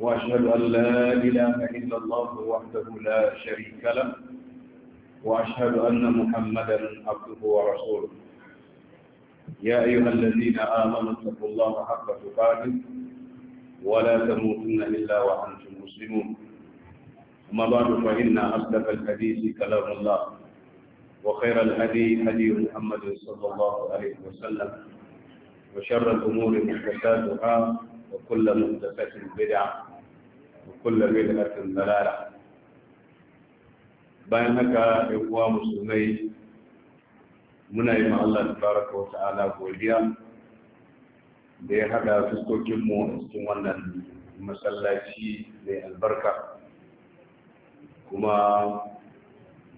وأشهد أن لا إله إلا الله وحده لا شريك له وأشهد أن محمدا عبده ورسوله يا أيها الذين آمنوا اتقوا الله حق تقاته ولا تموتن إلا وأنتم مسلمون أما بعد فإن أصدق الحديث كلام الله وخير الهدي هدي محمد صلى الله عليه وسلم وشر الأمور محدثاتها وكل محدثة بدعة وكل بدعة ضلالة bayan haka ya kuwa musulmai muna yi ma Allah tabaraka wa ta'ala godiya da ya haɗa fuskokinmu a cikin wannan masallaci mai albarka kuma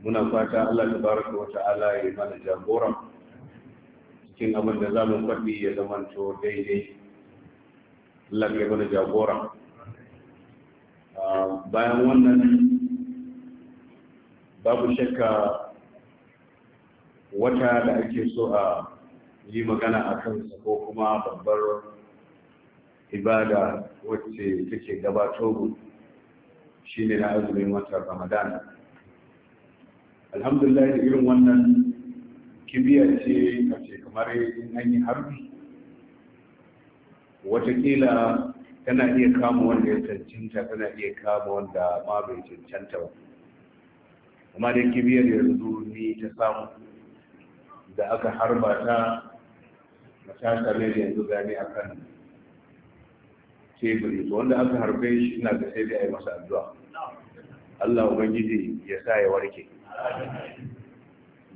muna fata Allah tabaraka wa ta'ala ya yi mana jagora cikin abinda da za mu faɗi ya zamanto daidai Allah kai mana jagora ah, bayan wannan babu shakka wata da ake so a yi magana a kansa ko kuma babbar ibada wacce take gabato shi ne na azumin watan ramadan alhamdulillah irin wannan kibiya ce a ce kamar in an yi harbi watakila tana iya kama wanda ya cancanta tana iya kama wanda ma bai cancanta ba amma da kibiyar yanzu ni ta samu da aka harba ta matasa ne da yanzu gani a kan teburi wanda aka harbe shi ina da sai dai a yi masa addu'a Allah Ubangiji ya sa ya warke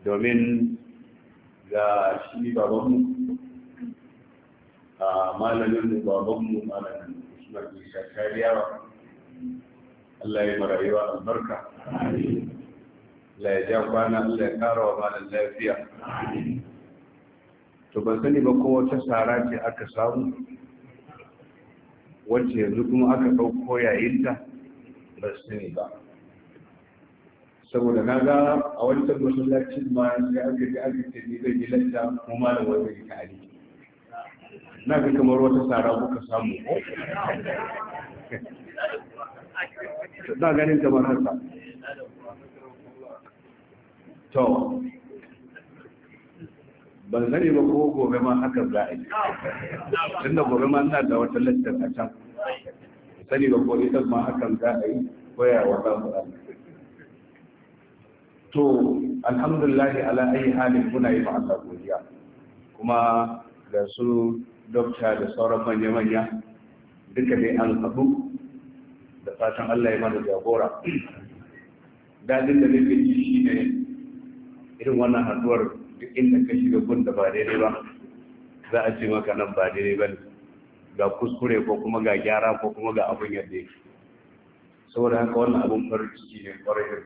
domin ga shi babanmu malamin mu baban mu malamin Usman Isa Kariyawa Allah ya marayuwa albarka Allah ya ja kwana Allah ya kara wa malam lafiya to ban sani ba ko wata sara ce aka samu wacce yanzu kuma aka ɗauko ta ba sani ba saboda na ga a wancan masallacin ma sai aka ji aka ce ni zai yi lanta kuma malam wanda ya na ga kamar wata tsara kuka samu na ganin kamar haka to ban sani ba ko gobe ma haka za a yi tun da gobe ma ina da wata lantar a can sani ba ko ita ma hakan za a yi koyawa za mu to alhamdulillah ala ayi halin muna yi ba godiya kuma da su dokta da sauran manya-manya duka dai an abu da fatan Allah ya mana jagora dadin da nake ji shi ne irin wannan haduwar duk inda ka shiga gun da ba daidai ba za a ce maka nan ba daidai ba ga kuskure ko kuma ga gyara ko kuma ga abin yadda yake saboda haka wannan abin farin ciki ne kwarai da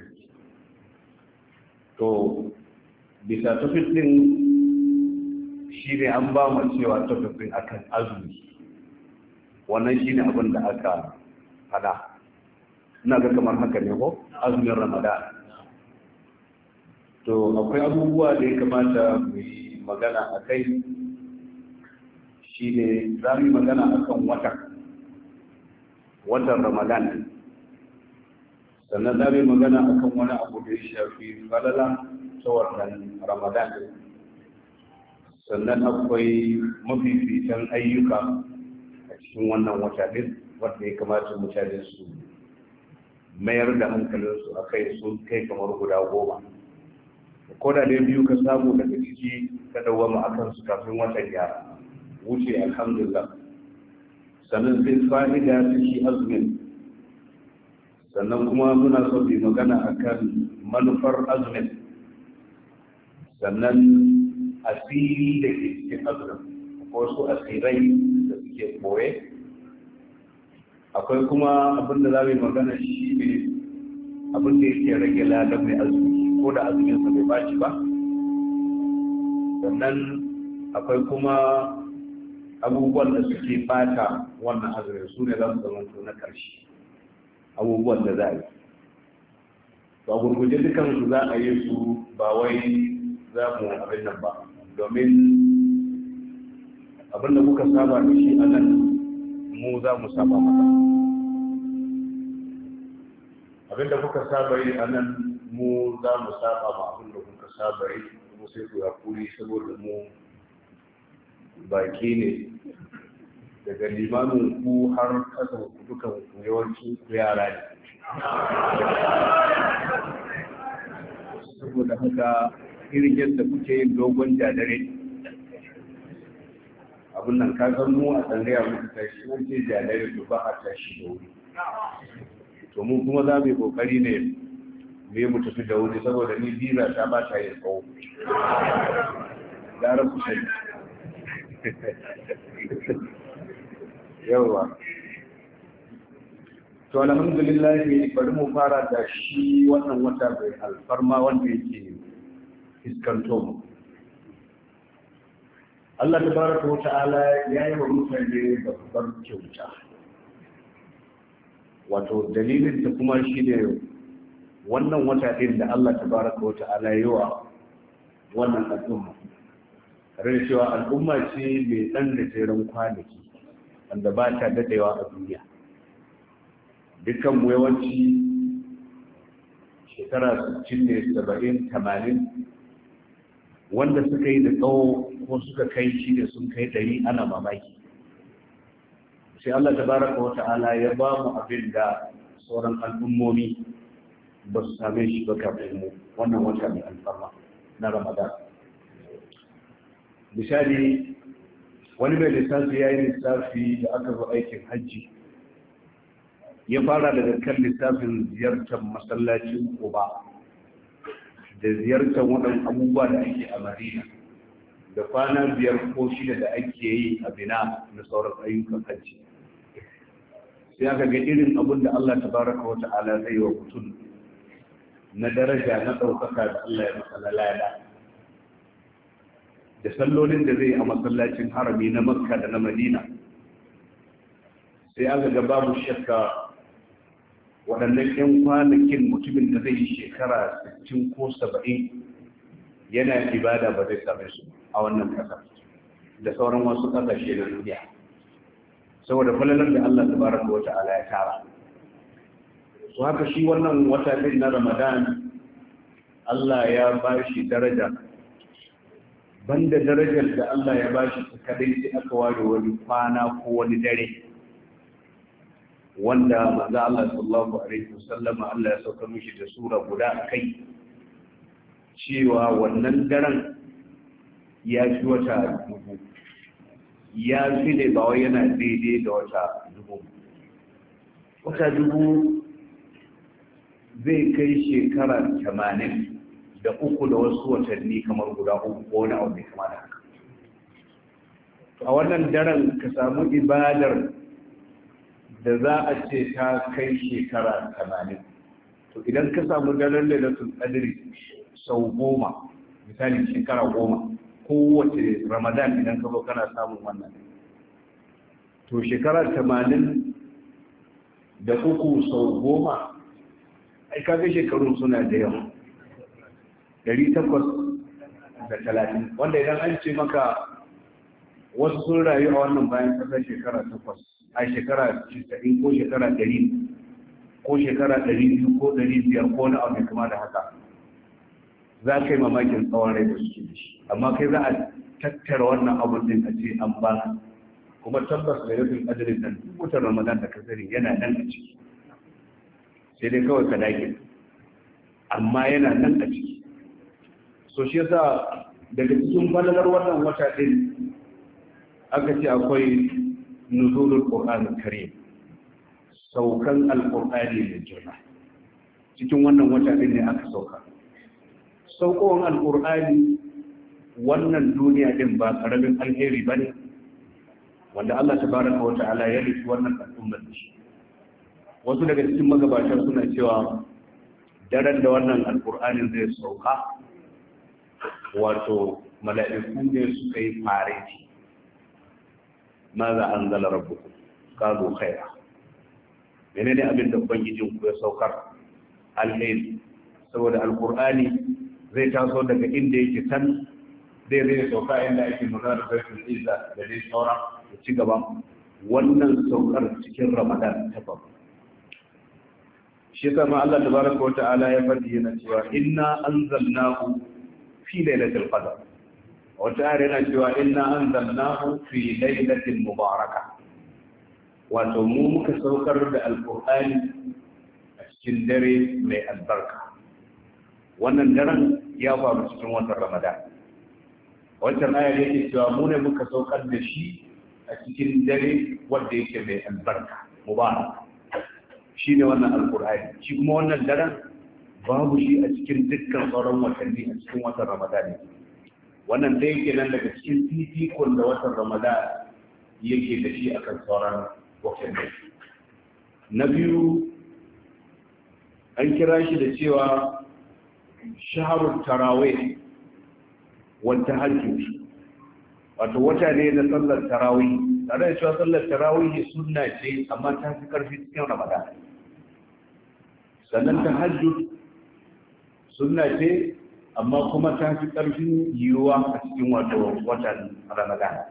to bisa tafi din shi ne an ba mu cewa tafafin akan azumi wannan shi ne abin da aka fada ina ga kamar haka ne ko azumin ramadan to akwai abubuwa da ya kamata mu yi magana a kai shi ne za mu yi magana a kan watan watan ramadan sannan za mu yi magana a kan wani abu da ya shafi falala tsawon ramadan sannan akwai mafificin ayyuka a cikin wannan wata din wanda ya kamata mutane su mayar da hankalinsu a kai sun kai kamar guda goma ko da ne biyu ka samu daga ciki ka dawama a kansu kafin watan ya wuce alhamdulillah sannan sai fa'ida ta shi azumin sannan kuma muna so bi magana akan manufar azumin sannan asiri da ke cikin azurin ko su asirai da suke koye akwai kuma abin da za mu yi magana shi ne abin da yake rage ladan mai azumi ko da azuminsa bai baci ba sannan akwai kuma abubuwan da suke bata wannan azumin su ne za su zama na ƙarshe abubuwan da za a yi ba gurguje dukansu za a yi su ba wai za mu abin nan ba domin abinda kuka saba da shi a nan mu za mu saba masa abinda kuka saba yi a nan mu za mu saba ma abinda kuka saba yi kuma sai ku hakuri saboda mu baki ne daga limanin ku har kasa ku dukan yawanci ku yara ne saboda haka irin yadda kuke yin dogon jadare abin nan ka zan mu a tsangaya muka tashi mun ce jadare to ba a tashi da wuri to mu kuma za mu yi kokari ne mu yi mu tafi da wuri saboda ni biza ta ba ta yi tsawo gara ku sani yawa to alhamdulillah bari mu fara da shi wannan wata bai alfarma wanda yake fiskanto mu Allah ta baraka wa ta'ala ya yi wa mutane babbar kyauta wato dalilin ta kuma shi ne wannan wata ɗin da Allah ta baraka wa ta'ala yi wa wannan al'umma rin cewa al'umma ce mai ɗan da jeren kwanaki wanda ba ta daɗewa a duniya dukkan mu yawanci shekara 60 ne 70 80 wanda suka yi da tsawo ko suka kai shi da sun kai ɗari ana mamaki sai Allah tabaraka wa ta'ala ya ba mu abin da sauran al'ummomi ba su same shi ba kafin mu wannan wata mai alfarma na Ramadan misali wani mai lissafi ya yi lissafi da aka zo aikin hajji ya fara daga kan lissafin ziyartar masallacin uba. da ziyartar waɗannan abubuwa da ake a madina da kwana biyar ko shida da ake yi a bina na sauran ayyukan hajji sai aka ga irin abin da Allah tabaraka wa ta'ala zai wa mutum na daraja na ɗaukaka da Allah ya masa lalada da sallolin da zai a masallacin harami na makka da na madina sai aka ga babu shakka waɗannan 'yan kwanakin mutumin da zai yi shekara 60 ko 70 yana ibada ba zai same su a wannan kasar. da sauran wasu ƙasashe na duniya saboda falalar da Allah ta baraka wa ta'ala ya tara su haka shi wannan wata din na Ramadan Allah ya ba shi daraja banda darajar da Allah ya ba shi kadai sai aka ware wani kwana ko wani dare wanda manzo Allah sallallahu alaihi wasallam Allah ya sauka mishi da sura guda kai cewa wannan daren ya fi wata dubu ya fi ne ba wai yana daidai da wata dubu wata dubu zai kai shekara tamanin da uku da wasu watanni kamar guda uku ko wani abu mai kama da haka a wannan daren ka samu ibadar da za a ce ta kai shekara tamanin to idan ka samu da lailatul qadri sau goma misali shekara goma kowace ramadan idan ka zo kana samun wannan to shekara tamanin da uku sau goma ai kaga shekarun suna da yawa dari takwas da talatin wanda idan an ce maka wasu sun rayu a wannan bayan kasar shekara takwas a shekara casa'in ko shekara ɗari ko shekara ɗari biyu ko ɗari biyar ko wani abu kuma da haka za ka yi mamakin tsawon rai da suke da shi amma kai za a tattara wannan abun din a ce an ba kuma tabbas da rufin adalin nan duk wutar ramadan da kasari yana nan a ciki sai dai kawai ka dake amma yana nan a ciki so shi yasa daga cikin falalar wannan wata ɗin aka ce akwai nuzulul qur'an karim saukan alqur'ani da girma cikin wannan wata din ne aka sauka saukowar alqur'ani wannan duniya din ba karamin alheri bane wanda Allah tabaraka wa ta'ala ya rufe wannan al'ummar da shi wasu daga cikin magabata suna cewa daren da wannan Alƙur'ani zai sauka wato mala'iku ne suka yi fareti ma za an zala rabbukum kazo menene abin da ubangijin ku ya saukar alheri saboda alqur'ani zai taso daga inda yake san zai zai sauka inda yake nuna da sarkin izza da dai sauran da ci gaba wannan saukar cikin ramadan ta babu shi yasa ma Allah tabaraka ta'ala ya faɗi yana cewa inna anzalnahu fi lailatul qadr wata yare na cewa inna an zanna fi lailatin mubaraka wato mu muka da alkur'ani a cikin dare mai albarka wannan ya faru cikin watan ramadan wancan yake cewa mu ne muka saukar da shi a cikin dare wanda yake mai albarka mubarak shi ne wannan alkur'ani shi kuma wannan daren babu shi a cikin dukkan sauran watanni a cikin watan ramadan ne wannan da yake nan daga cikin fifikon da watan ramadan yake da shi akan sauran wakilai na biyu an kira shi da cewa shaharun tarawe wata hajji wato wata ne na sallar tarawih tare da cewa sallar ne suna ce amma ta fi karfi cikin ramadan sannan ta hajji suna ce amma kuma ta fi ƙarfin yiwuwa a cikin wato watan ramadan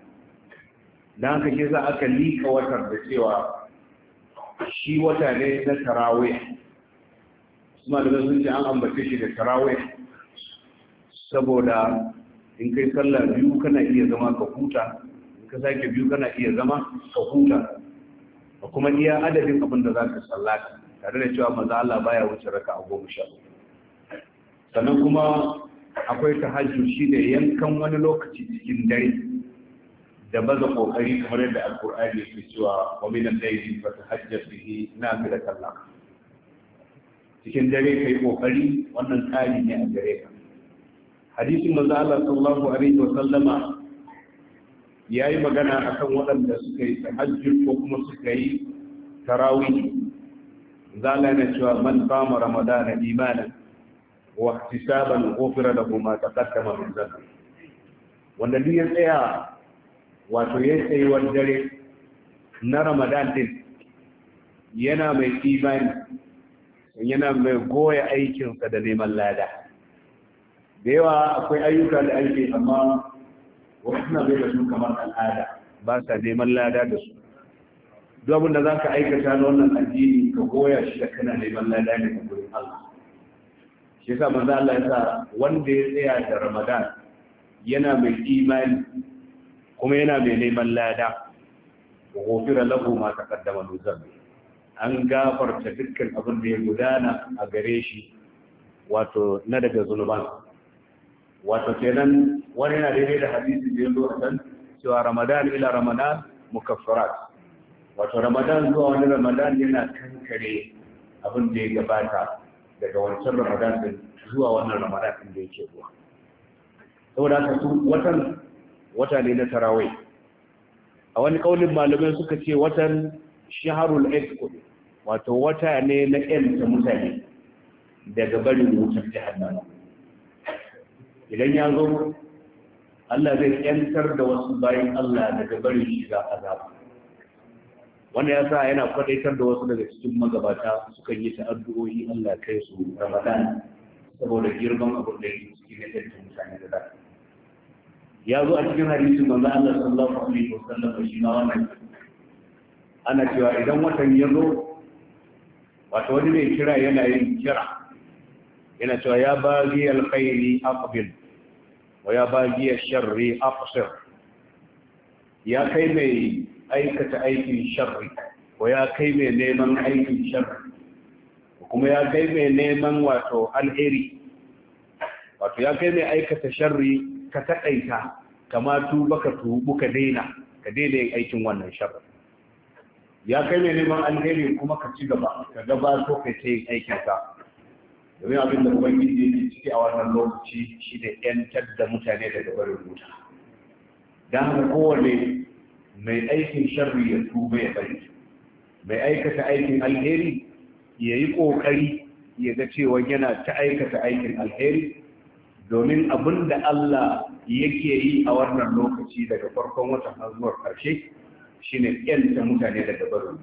don haka shi za aka liƙa watan da cewa shi wata ne na tarawih kuma da sun ce an ambace shi da tarawih saboda in kai sallah biyu kana iya zama ka huta in ka sake biyu kana iya zama ka huta kuma iya adadin abin da za ka sallata tare da cewa maza Allah baya wuce raka a goma sha uku sannan kuma akwai shi da yankan wani lokaci cikin dare da baza kokari kamar yadda ya yake cewa wa min al-layli fatahajjat bihi nafilatan lak cikin dare kai kokari wannan tsari ne a dare ka hadisin manzo Allah sallallahu alaihi wa sallama yayi magana akan waɗanda suka yi tahajjud ko kuma suka yi tarawih zala na cewa man fama ramadana imanan واحتسابا غفر له ما تقدم من ذنبه wanda ni ya tsaya wato ya tsayuwar dare na ramadan din yana mai imani yana mai goya aikinsa da neman lada da yawa akwai ayyuka da ake amma wasu bai da su kamar al'ada ba sa neman lada da su duk abin da za ka aikata na wannan addini ka goya shi da kana neman lada ne a gurin Allah shi yasa manzo Allah ya sa wanda ya tsaya da Ramadan yana mai imani kuma yana mai neman lada wa ghufira lahu ma taqaddama min dhanbi an gafarta dukkan abin da ya gudana a gare shi wato na daga zunuban wato kenan wani yana daidai da hadisi da zo a can cewa Ramadan ila Ramadan mukaffarat wato Ramadan zuwa wani Ramadan yana kankare abin da ya gabata daga wancan ramadan din zuwa wannan ramadan din da yake zuwa saboda haka su watan wata ne na tarawai a wani kaulin malamai suka ce watan shaharul expo wato wata ne na yanta mutane daga barin wutar jahannama idan ya zo Allah zai ƴantar da wasu bayan Allah daga barin shiga azaba Wani ya sa yana kwadaitar da wasu daga cikin magabata sukan yi ta addu'o'i Allah kai su Ramadan saboda girman abin da yake cikin na tattalin mutane da zaka ya zo a cikin hadisin manzo Allah sallallahu alaihi wasallam shi ma wannan ana cewa idan watan ya zo wato wani mai kira yana yin kira yana cewa ya bagi alkhairi aqbil wa ya bagi sharri aqsir ya kai mai aikata aikin sharri ko ya kai mai neman aikin sharri kuma ya kai mai neman wato alheri wato ya kai mai aikata sharri ka taɗaita kama tuba ka tubu ka daina ka daina yin aikin wannan sharri ya kai mai neman alheri kuma ka ci gaba ka gabato ka ce yin aikinsa. domin abin da kuma yi ne ciki a wannan lokaci shi da yantar da mutane daga barin wuta don haka kowane mai aikin sharri ya tuba ya bari mai aikata aikin alheri ya yi ƙoƙari ya ga cewa yana ta aikata aikin alheri domin abin da Allah yake yi a wannan lokaci daga farkon watan har zuwa ƙarshe ne yanta mutane daga barin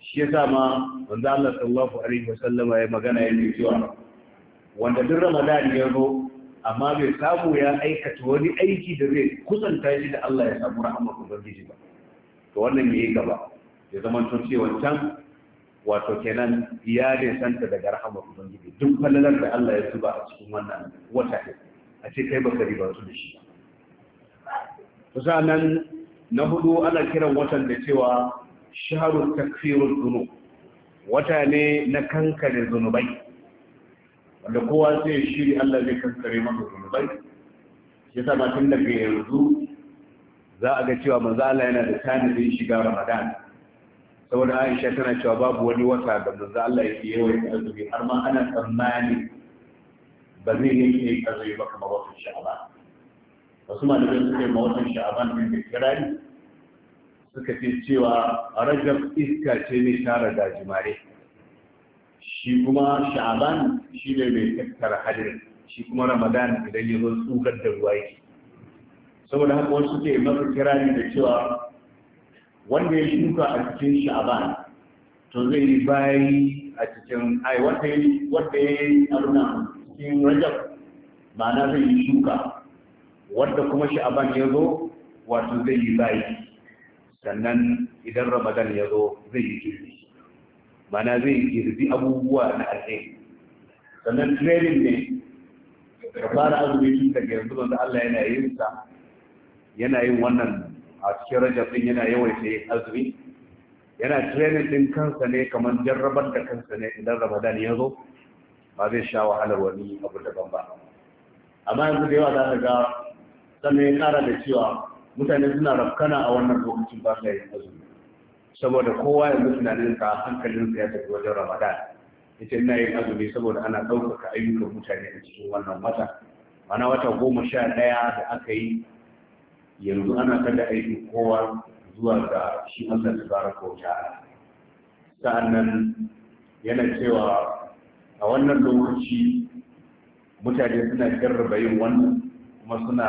shi ya ma wanda Allah sallallahu alaihi wasallama ya magana yake cewa wanda duk Ramadan ya zo amma bai samu ya aikata wani aiki da zai kusanta shi da Allah ya samu rahama ubangiji ba to wannan yayi gaba ya zama to cewa can wato kenan ya ne santa daga rahama ubangiji duk fallalar da Allah ya zuba a cikin wannan wata ne a ce kai baka riba su da shi to sanan na hudu ana kiran watan da cewa shaharul takfirul dhunub wata ne na kankare zunubai wanda kowa zai shiri Allah zai kankare masa zunubai ya sa tun daga yanzu za a ga cewa manzo Allah yana da tanadin shiga Ramadan saboda Aisha tana cewa babu wani wata da manzo Allah yake yawan azumi har ma ana tsammani ba zai yanke azumi ba kamar watan Sha'ban wasu malamai suka suke ma watan Sha'ban din da kirari suka ce cewa a Rajab iska ce mai tara da gajimare shi kuma sha'aban shi ne mai tattara hadirin shi kuma ramadan idan ya zo tsukar da ruwa yake saboda haka wasu ke kira ne da cewa wanda ya shuka a cikin sha'aban to zai yi bayi a cikin ai wanda ya wanda ya yi aruna cikin rajab ma'ana zai yi shuka wanda kuma sha'aban ya zo wato zai yi bayi sannan idan ramadan ya zo zai yi girbi mana zai girbi abubuwa na alheri sannan training ne ka fara azumi tun daga yanzu wanda Allah yana yin sa yana yin wannan a cikin rajab din yana yawaita yin azumi yana training din kansa ne kamar jarrabar da kansa ne idan Ramadan ya zo ba zai sha wahalar wani abu daban ba amma yanzu da yawa za ka ga sannan ya kara da cewa mutane suna rafkana a wannan lokacin ba sa yin azumi saboda kowa ya yanzu tunaninsa hankalinsa ya tafi wajen ramadan ita na yin azumi saboda ana ɗaukaka ayyukan mutane a cikin wannan wata mana wata goma sha ɗaya da aka yi yanzu ana kada aiki kowa zuwa ga shi allah ta zara ko sa'an nan yana cewa a wannan lokaci mutane suna jarraba yin wannan kuma suna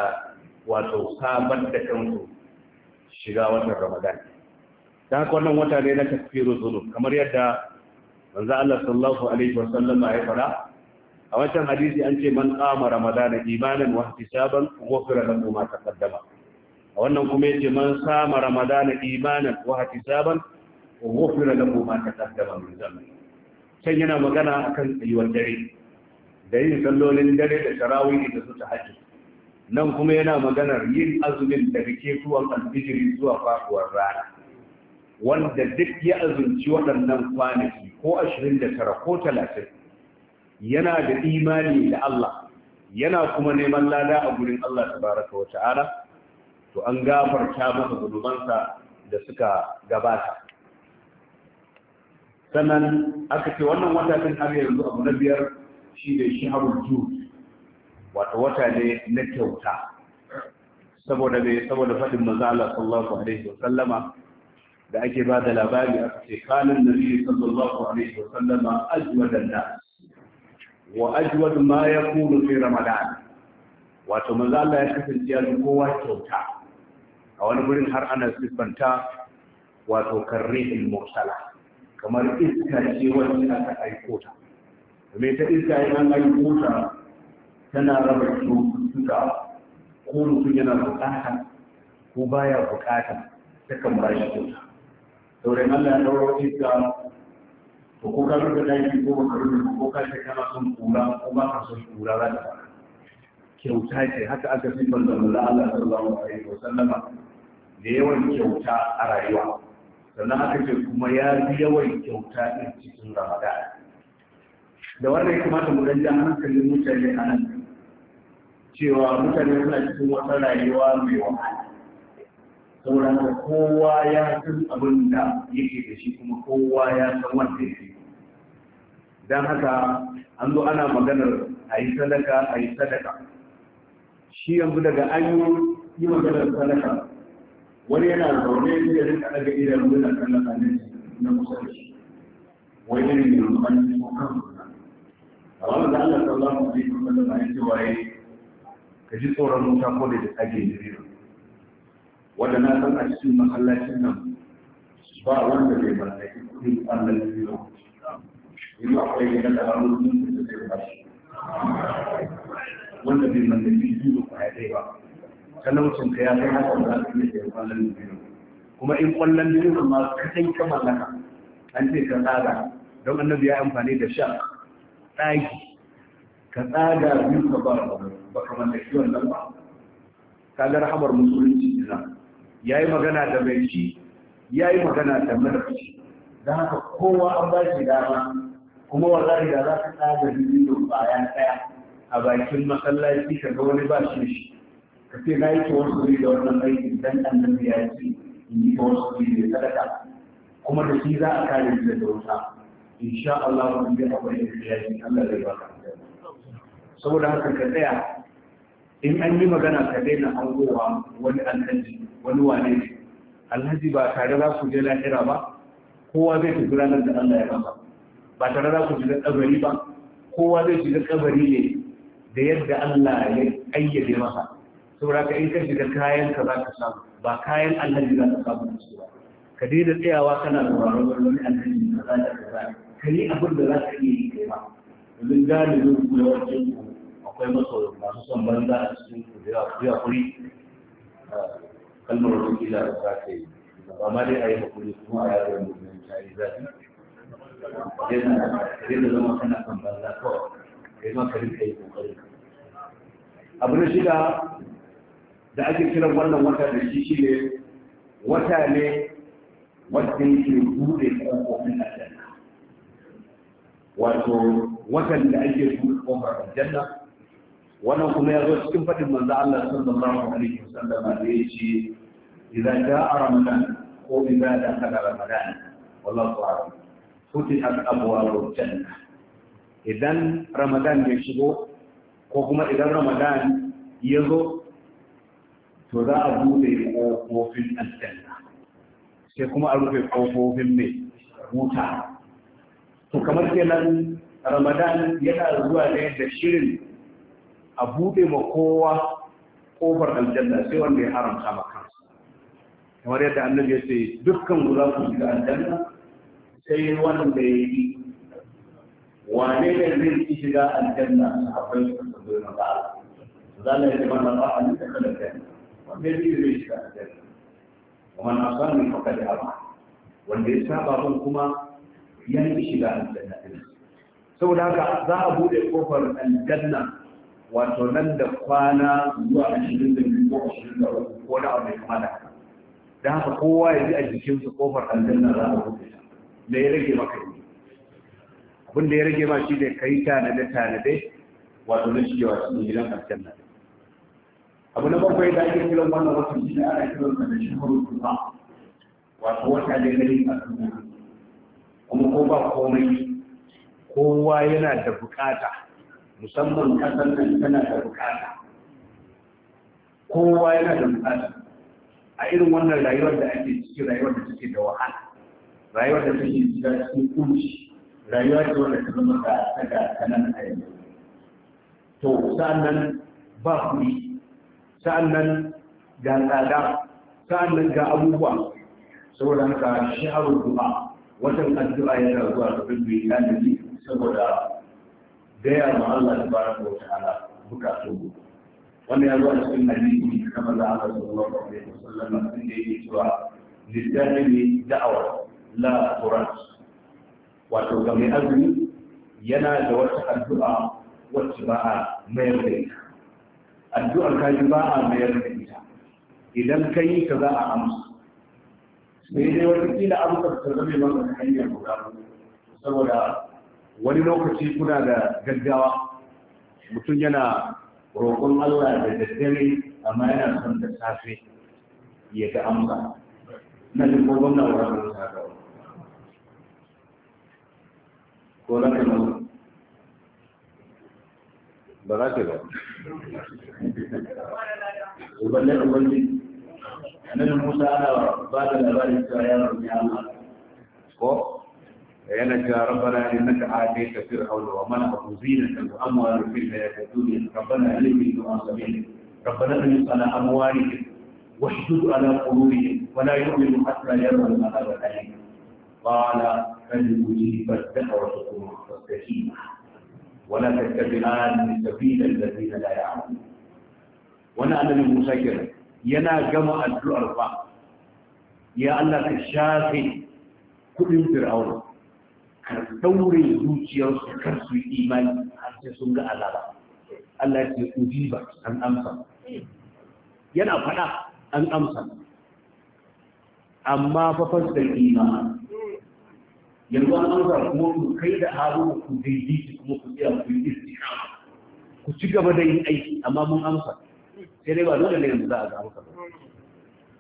wato sabar da kansu shiga watan ramadan ta haka wannan wata ne na tafiru zuru kamar yadda manzo Allah sallallahu alaihi wasallam ya fara a wancan hadisi an ce man qama ramadana imanan wa ihtisaban ghufira lahu ma taqaddama a wannan kuma yace man sama ramadana imanan wa ihtisaban ghufira lahu ma taqaddama min zamani sai yana magana akan tsayuwar dare da yin sallolin dare da tarawih da su tahajjud nan kuma yana maganar yin azumin da rike tuwon alfijiri zuwa faɗuwar rana wanda duk ya azunci waɗannan kwanaki ko ashirin da tara ko talatin yana da imani da Allah yana kuma neman lada a gurin Allah baraka wa ta'ala to an gafarta masa zunubansa da suka gabata sannan aka ce wannan wata din har yanzu abu na biyar shi ne shaharul jud wato wata ne na kyauta saboda bai saboda faɗin manzo Allah sallallahu alaihi wa sallama da ake ba da labari a ce kanin nabi sallallahu alaihi wa sallama ajwadan nas wa ajwad ma yakunu fi ramadan wato manzo Allah ya kasance ya kowa kyauta a wani gurin har ana siffanta wato karrihil mursala kamar iska ce wacce aka aiko ta Me ta iska in an aiko ta tana raba cututtuka ko mutum yana bukata ko baya bukata takan ba shi kyauta sauran Allah ya dauro iska to ko ka rufe daki ko ka rufe ko ka ce kana son kura ko ba ka son kura za ta kyauta ce haka aka fi da manzo Allah sallallahu alaihi Sallama da yawan kyauta a rayuwa sannan aka ce kuma ya fi yawan kyauta din cikin Ramadan da wannan ya kamata mu dan jan hankalin mutane a nan cewa mutane suna cikin wata rayuwa mai wahala sauran da kowa ya san abin da yake da shi kuma kowa ya san wanda yake don haka an zo ana maganar a yi sadaka a yi sadaka shi yanzu daga an yi maganar sadaka wani yana zaune da rika daga idan muna sadaka ne na kusa da shi wani ne yanzu an yi kan amma da Allah sallallahu alaihi wa sallam ya ce waye ka ji tsoron wuta ko da ta jirgin ne wanda na san a cikin masallacin nan ba wanda bai mallaki kuɗi Allah ya yi in akwai gidan da hannu sun da zai ba shi wanda bai mallaki biyu ba ya dai ba talaucin ka ya kai haka ba za ka iya sayan kwallon biyu kuma in kwallon biyu ma kaɗai ka mallaka an ce ka tsada don annabi ya amfani da sha ɗaki ka tsada biyu ka ba ba ka mallaki nan ba ka ga rahamar musulunci ina ya yi magana da mai ya yi magana da mai don haka kowa an ba shi dama kuma wallahi da za ka tsaga jirgin ya tsaya a bakin masallaci ka ga wani ba shi shi ka ce na yi tawassuli da wannan aiki dan annabi ya ce in yi tawassuli da sadaka kuma da shi za a kare shi da wuta insha Allah mun yi abin da ya yi Allah zai baka saboda haka ka tsaya in an yi magana ka daina hangowa wani alhaji wani wane ne alhaji ba tare za ku je lahira ba kowa zai tafi ranar da Allah ya baka ba tare za ku shiga kabari ba kowa zai shiga kabari ne da yadda Allah ya ayyade masa saboda ka in ka shiga kayan ka za ka samu ba kayan alhaji za ka samu da su ba ka daina tsayawa kana sauraron wani alhaji ka za ka ka yi abin da za ka iya yi kai ba domin galibin kuma yawancin ku akwai masu masu son banza a cikin ku da yawa kuri ah, kalmar ruki da za ta yi ba ma dai a yi hakuri kuma a yaro mutum ta yi zafi yana zama kana kan banza kawai kai ma ka rinka yi kokari abu na shida da ake kiran wannan wata da shi shi ne wata ne ne ke bude kofofin aljanna wato watan da ake bude kofar aljanna wannan kuma ya zo cikin faɗin manzo Allah sallallahu alaihi wasallam da yace Idan jaa ramadan ko da dakhala ramadan wallahu a'lam futihat abwabul janna idan ramadan ya shigo ko kuma idan ramadan ya zo to za a bude kofofin aljanna sai kuma a rufe kofofin mai wuta to kamar kenan ramadan yana zuwa ne da shirin a buɗe ma kowa ƙofar aljanna sai wanda ya haramta ma kansa kamar yadda annabi ya ce dukkan guda za ku shiga aljanna sai wanda ya yi wane ne zai ki shiga aljanna sahabbai su ka zo na ba zalla yi zama na ba a ta kada aljanna wanda ya zai shiga aljanna ومن أصلني فقد أبعد wanda ya saba ban kuma ya yi shiga aljanna ɗin saboda haka za a buɗe ƙofar aljanna wato nan da kwana zuwa ashirin da biyu ko ashirin da uku ko da abu kuma da haka da haka kowa ya ji a jikinsa kofar aljanna za a buɗe da ya rage maka yi abin da ya rage ma shi ne kai tanade tanade wato na shi yawa cikin gidan aljanna abu na bakwai da ake kiran wannan watan shi ne ana kiran sa da shahuru kuma wato wata ne na yin al'umma kuma ko ba komai kowa yana da bukata musamman ƙasar nan tana da bukata kowa yana da bukata a irin wannan rayuwar da ake ciki rayuwar da take da wahala rayuwar da take cikin kunci rayuwa ce wanda ta zama ga daga kanan a yanzu to sa'annan ba kuɗi sa'annan ga tsada sa'annan ga abubuwa saboda haka shi shahararru kuma watan addu'a yana zuwa ga bin saboda gaya ma Allah da baran wa ta'ala bukatun mu wannan ya zo a cikin hadisi kamar da Allah sallallahu alaihi wasallam sun da yake cewa lidahili da'awa la turat wato ga mai azumi yana da wata addu'a wacce ba a mayar da ita addu'ar kaji ba a mayar da ita idan ka yi ka za a amsa sai dai wata kila amsar ta zama maka hanyar guda saboda wani lokaci kuna da gaggawa mutum yana roƙon Allah da daddare amma yana son da safe ya ga amsa na jin ko gwamna wa ranar sa ko na kan ba za ta ba ubanne ubanne annabi Musa ana ba da labarin cewa ya roƙi Allah ko فينا يا ربنا انك عاديت فرعون ومنعه زينه واموال في الحياه الدنيا ربنا علم من المعصمين ربنا اغلق على اموالهم واشدد على قلوبهم ولا يؤمن حتى يروا المآب عليهم قال فالمجيب دعوتكم مستجيبة ولا تتبعان سبيل الذين لا يعلمون ونعم المسجد ينا جمع الأرض يا الله في الشاخ كل فرعون ka daure zuciyarsu kan su imani har sai sun ga azaba Allah ya ce ujiba an amsa yana faɗa an amsa amma fa fasta imani yanzu an amsa kuma ku kai da haru ku daidaita kuma ku tsaya ku yi istiqama ku ci gaba da yin aiki amma mun amsa sai dai ba dole ne yanzu za a ga amsa ba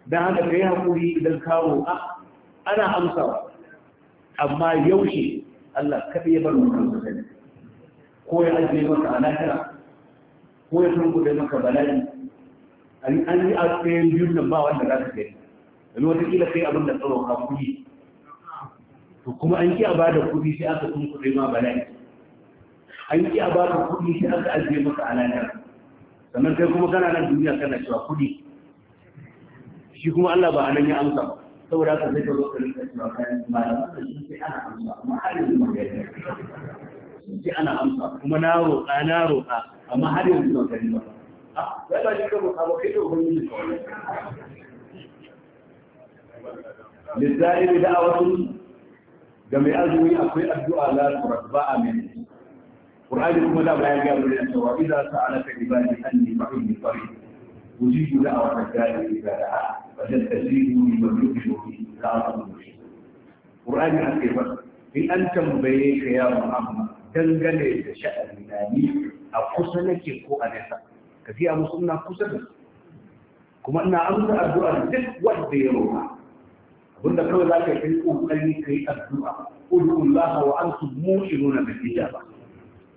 dan haka kai hakuri idan kawo a ana amsawa amma yaushe Allah kaɗa ya bar mutum da sani ko ya ajiye maka a lahira ko ya tunkuɗe maka bala'i an yi a tsayin biyun nan ba wanda za ka gani domin watakila kai abin da tsaro ka kuɗi to kuma an ki a ba da kuɗi sai aka tunkuɗe ma bala'i an ki a ba da kuɗi sai aka ajiye maka a lahira sannan kai kuma kana nan duniya kana cewa kuɗi shi kuma Allah ba a nan ya amsa ba saboda ka zai zo ka rinka cewa kayan malaman da sun ce ana amsa amma har yanzu ba gari sun ce ana amsa kuma na roƙa na roƙa amma har yanzu ba gari ba a ba ni ka roƙa ba kai da ubangiji kawai lizza'iri da'awatun ga mai azumi akwai addu'a la turat ba amin Qur'ani kuma da bayan ga mun cewa idza sa'alaka ibadi anni وجيب دعوة الداعي إذا دعا فجد تزيد لمن يؤمن به لا أظن قرآن عسكري in an tambaye ka ya Muhammad dangane da sha'ani na ni a kusa nake ko a nesa ka fiya musu ina kusa da su kuma ina amsa addu'a duk wanda ya roƙa abinda kawai za ka yi kokari ka yi addu'a udullaha wa antum mu'minuna bil ba.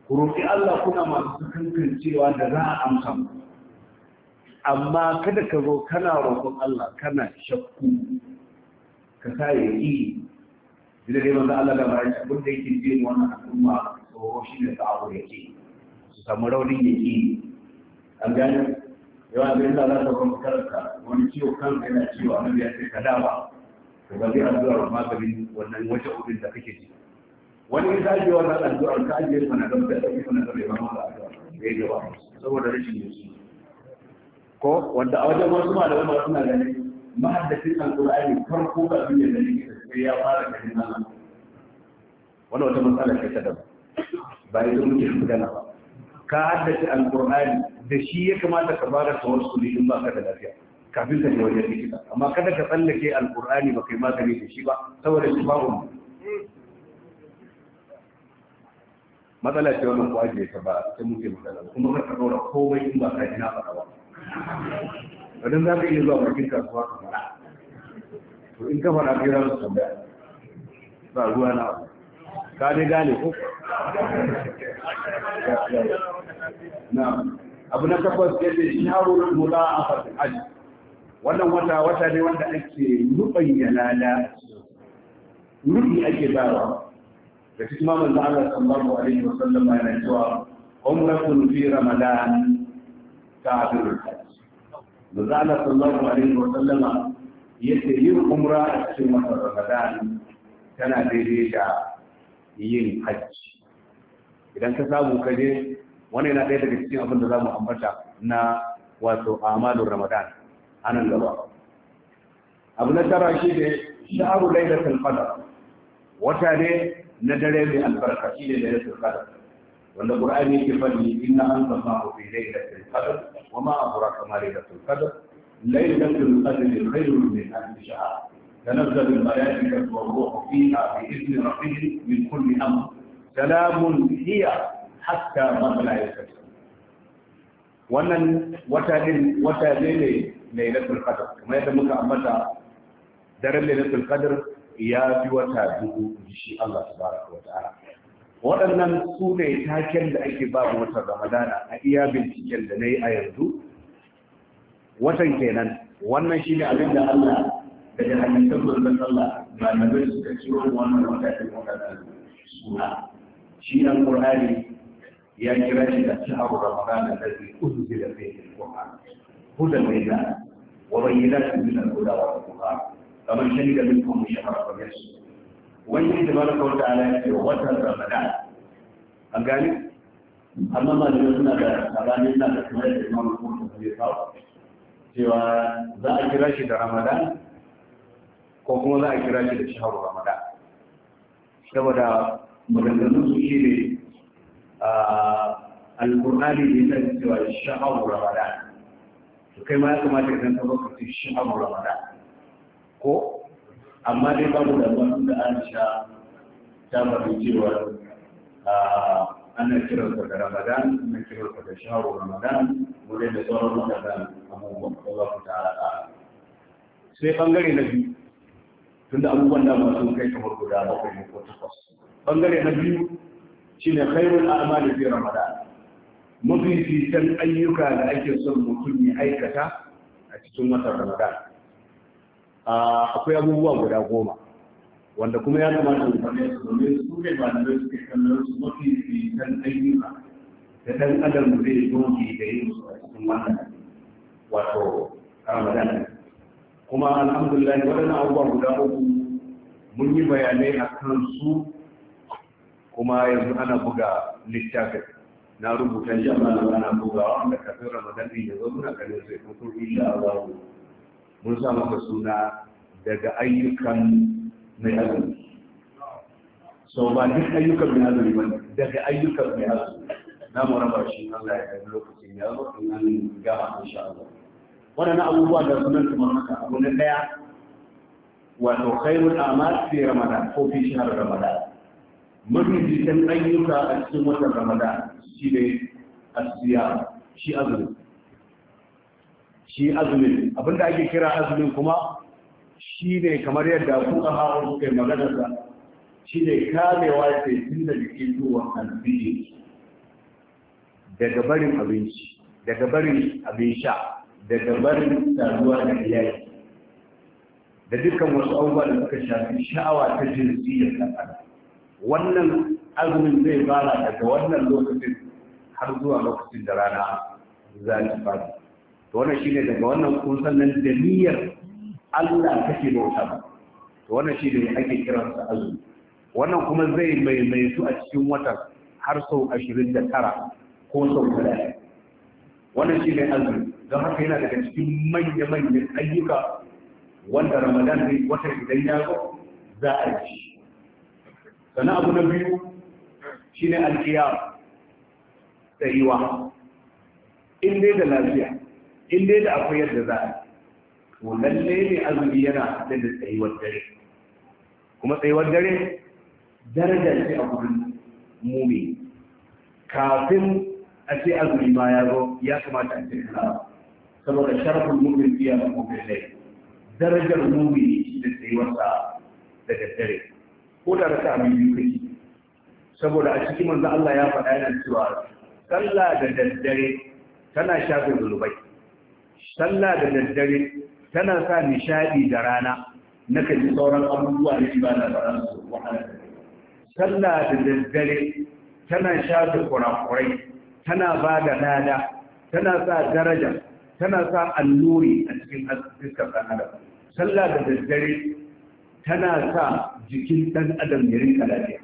ku roƙi Allah kuna masu kankan da za a amma kada ka zo kana roƙon Allah kana shakku ka sa ya yi da dai manzo Allah da bayan abin da yake jin wannan al'umma ko shi ne ta'awur yake su samu raunin yake an gane yawan da yadda za ta kuma karanta wani ciwo kan yana ciwo annabi ya ce ka dama to ba zai addu'ar maganin wannan wata udin da kake ji wani ya ajiye wannan addu'ar ka ajiye mana don ta ɗauki mana da bai ba da addu'ar da ya gaba saboda rashin yusuf ko wanda a wajen wasu malamai ma suna ganin mahaddacin alqur'ani farko ga abin da yake sai ya fara ganin Allah wannan wata matsala ce ta daban ba ita muke magana ba ka haddace alqur'ani da shi ya kamata ka fara tawar su ne in ba ka da lafiya kafin ka je wajen likita amma kada ka tsallake alqur'ani ba kai magani da shi ba saboda shi babu matsala ce wannan ko ajiye ta ba sai muke magana kuma ka ɗora komai in ba ka ji na faɗa ba wadin za ka iya zuwa bakin kasuwa ka fara to in ka fara kai ranar tambaya ba ruwa na abu ka dai gane ko na abu na takwas ya ce shi haro na mula a fasin hajji wannan wata wata ne wanda ake rufin yanada rufi ake bawa da cikin mamman da Allah sallallahu alaihi wa sallam yana cewa umratun fi ramadan ta'abirul hajj da Allah sallallahu alaihi wa sallama yace yin umra a cikin watan Ramadan tana daidai da yin hajji idan ka samu ka je wannan yana ɗaya daga cikin abin da za mu ambata na wato amalin Ramadan a nan gaba abu na tara shi ne sha'aru laylatul qadr wata ne na dare mai albarka shi ne lailatul qadr والقرآن القرآن إن أنت الله في ليلة القدر وما أدراك ما ليلة القدر ليلة القدر خير من ألف شهر تنزل الملائكة والروح فيها بإذن ربهم من كل أمر سلام هي حتى مطلع الفجر wannan wata ne wata ne ne lailatul qadr kuma yadda muka ambata daren lailatul qadr ya fi wata dubu shi Allah subhanahu wa ta'ala waɗannan su ne taken da ake ba watan ramadana a iya binciken da na yi a yanzu watan kenan wannan shi ne abin da allah daga hadisan manzon allah malamai suka ciro wannan wata ɗin waɗannan suna shi ɗan ƙur'ani ya kira shi da shahar ramadana da zai unzila fihi alquran hudan wani yi wa bayyinatan min al-huda wa al-furqan faman shahida minkum shahra falyasum wani da baraka wata ala ya ce watan ramadan an gani amma da suna da sabani na da kuma da imam kuma da ne kawo cewa za a kira shi da ramadan ko kuma za a kira shi da shaharu ramadan saboda maganganun su shi ne alkur'ani ne na cewa shaharu ramadan to kai ma ya kamata idan ka zo ka shaharu ramadan ko amma dai babu da wani da aisha ta faɗi cewa ana kiransa da ramadan ana kiransa da shaharu ramadan wurin da sauran ramadan abubuwan da za ku tara a sai bangare na biyu tunda abubuwan da masu kai kamar guda bakwai ne ko takwas bangare na biyu shine khairul a'mali fi ramadan fitan ayyuka da ake son mutum ya aikata a cikin watan ramadan akwai abubuwa guda goma wanda kuma ya kamata mu fahimta su domin su ne malamai suke kallon su mafi fitan ayyuka da ɗan adam zai doge da yin su a cikin wannan wato ramadan kuma alhamdulillah waɗannan abubuwa guda uku mun yi bayanai a kan su kuma yanzu ana buga littafin na rubuta shi amma ana bugawa da kafin ramadan ɗin ya zo muna ganin sai kuma insha Allah mun sa maka suna daga ayyukan mai azumi so ba duk ayyukan mai azumi ba daga ayyukan mai azumi na mu raba shi Allah ya kai lokacin ya zo in an gama insha Allah wannan abubuwa da sunan kamar haka abu na daya wato khairul amal fi ramadan ko fi shahr ramadan mafi jikin ayyuka a cikin watan ramadan shi ne asiya shi azumi shi azumin abinda ake kira azumin kuma shi ne kamar yadda kuka hawa suka yi maganarsa shi ne kamewa ya tun da jiki zuwa alfiji daga barin abinci daga barin abin sha daga barin taruwa da iyali da dukkan wasu abubuwa da suka shafi sha'awa ta jinsi da ɗan wannan azumin zai fara daga wannan lokacin har zuwa lokacin da rana za ta fara to wannan shine daga wannan kusan nan da niyyar Allah kake bauta ba to wannan shine ake kiransa azumi wannan kuma zai maimaitu a cikin watan har sau ashirin da tara ko sau talatin wannan shi ne azumi don haka yana daga cikin manya-manyan ayyuka wanda ramadan ne wata idan ya zo za a yi sannan abu na biyu shi ne alkiya tsayuwa in dai da lafiya in da akwai yadda za a to lalle ne azumi yana haɗe da tsayuwar dare kuma tsayuwar dare darajar ce a gudun mumi kafin a ce azumi ma ya zo ya kamata a ce kala saboda sharafin mumin fiya da mumin lai darajar mumi shi da tsayuwarsa da daddare ko da rasa abin biyu kake saboda a cikin manzo Allah ya faɗa yana cewa sallah da daddare tana shafe zulubai sallah da daddare tana sa nishadi da rana na kan ji sauran abubuwa da shi ibada da ran su sallah da daddare tana shafe kurakurai tana ba da lada tana sa daraja tana sa alluri a cikin fuskar ɗan adam sallah da daddare tana sa jikin ɗan adam ya rinka lafiya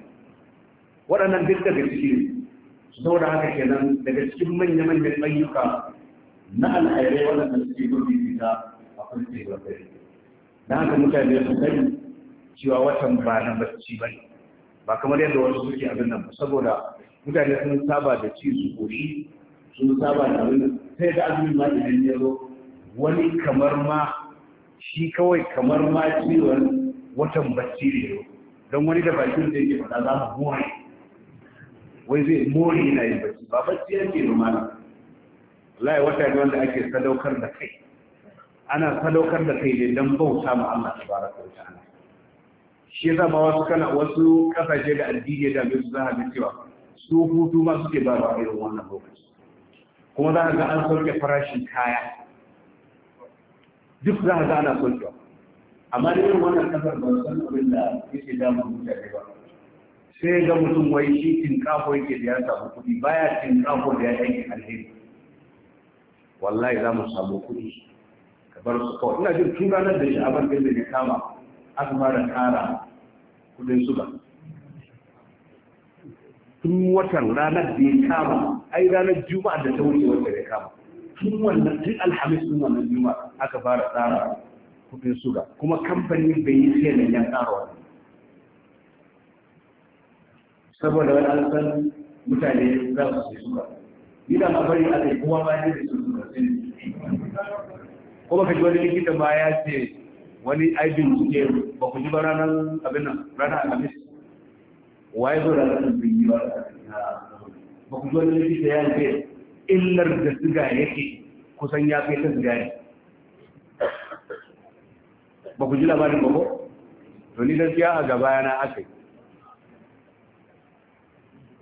waɗannan duk daga ciki saboda haka kenan daga cikin manya-manyan ayyuka na alhairai waɗanda suke gurbi fita a kurce wa gari da haka mutane su sani cewa watan ba na bacci ba ne ba kamar yadda wasu suke abin nan ba. saboda mutane sun saba da ci su koshi sun saba da abin sai da azumin ma idan ya zo wani kamar ma shi kawai kamar ma ciwon watan bacci ne yau don wani da bakin da yake faɗa za mu more wai zai more na yin bacci ba bacci yake ba malam wallahi wata ne wanda ake sadaukar da kai ana sadaukar da kai ne don bauta ma Allah tabaraka wa ta'ala shi yasa ba wasu kana wasu kasashe da addini da bisu za a bi cewa su hutu ma suke ba ba irin wannan lokaci kuma za a ga an sauke farashin kaya duk za ga ana sauke amma da irin wannan kasar ba san abin da yake damun mutane ba sai ga mutum wai shi tinkafo yake da ya samu kuɗi baya tinkafo da ya aiki alheri wallahi za mu samu kuɗi ka bar su kawai ina jin tun ranar da a bar da ya kama aka da kara kuɗin ba tun watan ranar da ya kama ai ranar juma'a da ta wuce wanda ya kama tun wannan tun alhamis tun wannan juma'a aka fara tsara kudin ba kuma kamfanin bai yi sai da ya tsara wani saboda wani an san mutane za su sai ba ina ma bari a kai kuma ma ne da su kuma ka ji wani likita ma ya ce wani aibin suke ba ku ji ba ranar abin nan ranar alhamis waye zo da ranar bin yi ba ba ku ji wani likita ya ce illar da siga yake kusan ya kai ta siga ne ba ku ji labarin ba ko to ni gaskiya a gaba yana aka yi